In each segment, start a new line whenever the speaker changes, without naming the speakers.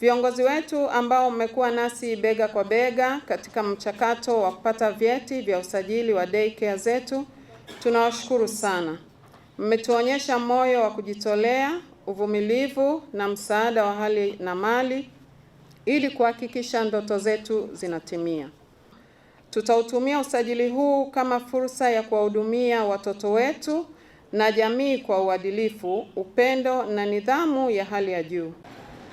Viongozi wetu ambao mmekuwa nasi bega kwa bega katika mchakato wa kupata vyeti vya usajili wa daycare zetu, tunawashukuru sana. Mmetuonyesha moyo wa kujitolea, uvumilivu na msaada wa hali na mali ili kuhakikisha ndoto zetu zinatimia. Tutautumia usajili huu kama fursa ya kuwahudumia watoto wetu na jamii kwa uadilifu, upendo na nidhamu ya hali ya juu.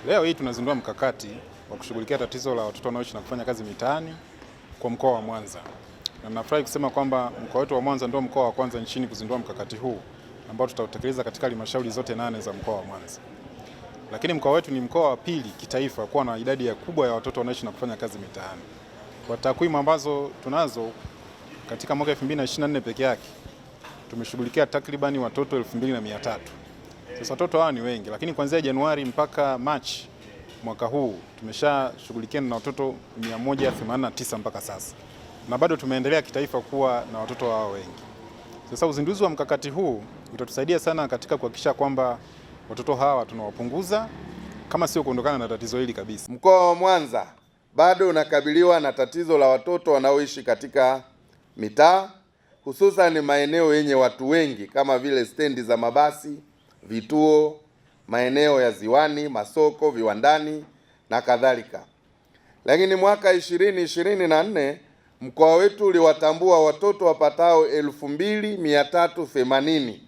Leo hii tunazindua mkakati wa kushughulikia tatizo la watoto wanaoishi na kufanya kazi mitaani kwa mkoa wa Mwanza, na nafurahi kusema kwamba mkoa wetu wa Mwanza ndio mkoa wa kwanza nchini kuzindua mkakati huu ambao tutautekeleza katika halmashauri zote nane za mkoa wa Mwanza. Lakini mkoa wetu ni mkoa wa pili kitaifa kuwa na idadi ya kubwa ya watoto wanaoishi na kufanya kazi mitaani. Kwa takwimu ambazo tunazo katika mwaka 2024 peke yake tumeshughulikia takribani watoto 2300 sasa watoto hawa ni wengi, lakini kuanzia Januari mpaka Machi mwaka huu tumeshashughulikia na watoto 189 mpaka sasa, na bado tumeendelea kitaifa kuwa na watoto hawa wengi. Sasa uzinduzi wa mkakati huu utatusaidia sana katika kuhakikisha kwamba watoto hawa tunawapunguza, kama sio kuondokana na tatizo hili kabisa.
Mkoa wa Mwanza bado unakabiliwa na tatizo la watoto wanaoishi katika mitaa, hususan maeneo yenye watu wengi kama vile stendi za mabasi vituo, maeneo ya ziwani, masoko, viwandani na kadhalika. Lakini mwaka ishirini ishirini na nne mkoa wetu uliwatambua watoto wapatao elfu mbili mia tatu themanini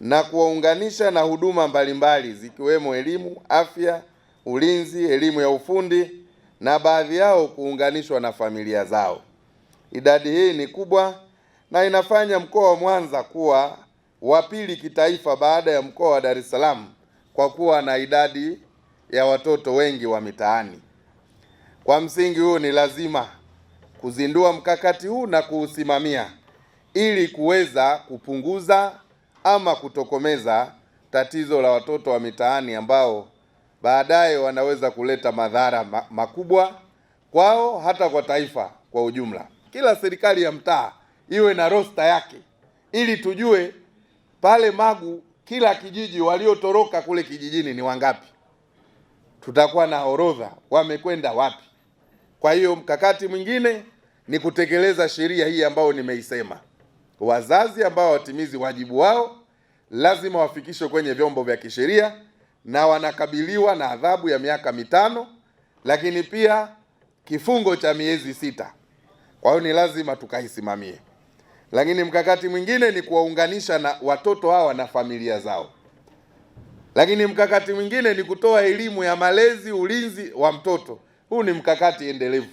na kuwaunganisha na huduma mbalimbali zikiwemo elimu, afya, ulinzi, elimu ya ufundi na baadhi yao kuunganishwa na familia zao. Idadi hii ni kubwa na inafanya mkoa wa Mwanza kuwa wa pili kitaifa baada ya mkoa wa Dar es Salaam kwa kuwa na idadi ya watoto wengi wa mitaani. Kwa msingi huu, ni lazima kuzindua mkakati huu na kuusimamia ili kuweza kupunguza ama kutokomeza tatizo la watoto wa mitaani ambao baadaye wanaweza kuleta madhara makubwa kwao hata kwa taifa kwa ujumla. Kila serikali ya mtaa iwe na rosta yake ili tujue pale Magu, kila kijiji waliotoroka kule kijijini ni wangapi? Tutakuwa na orodha wamekwenda wapi. Kwa hiyo mkakati mwingine ni kutekeleza sheria hii ambayo nimeisema. Wazazi ambao watimizi wajibu wao lazima wafikishwe kwenye vyombo vya kisheria na wanakabiliwa na adhabu ya miaka mitano, lakini pia kifungo cha miezi sita. Kwa hiyo ni lazima tukaisimamie lakini mkakati mwingine ni kuwaunganisha na watoto hawa na familia zao, lakini mkakati mwingine ni kutoa elimu ya malezi, ulinzi wa mtoto. Huu ni mkakati endelevu,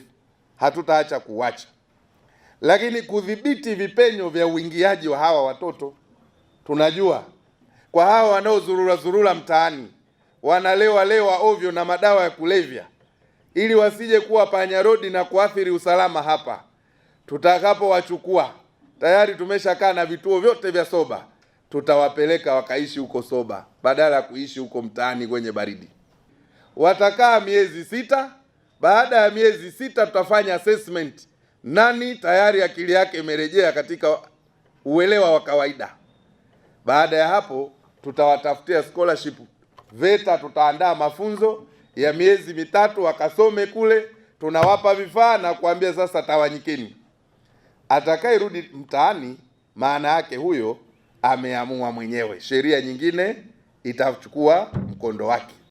hatutaacha kuwacha, lakini kudhibiti vipenyo vya uingiaji wa hawa watoto. Tunajua kwa hawa wanaozurura zurura mtaani wanalewa lewa ovyo na madawa ya kulevya, ili wasije kuwa panya rodi na kuathiri usalama hapa tutakapowachukua tayari tumeshakaa na vituo vyote vya soba, tutawapeleka wakaishi huko soba badala ya kuishi huko mtaani kwenye baridi. Watakaa miezi sita. Baada ya miezi sita tutafanya assessment, nani tayari akili yake imerejea katika uelewa wa kawaida. Baada ya hapo tutawatafutia scholarship VETA, tutaandaa mafunzo ya miezi mitatu wakasome kule, tunawapa vifaa na kuambia sasa tawanyikeni. Atakayerudi mtaani, maana yake huyo ameamua mwenyewe, sheria nyingine itachukua mkondo wake.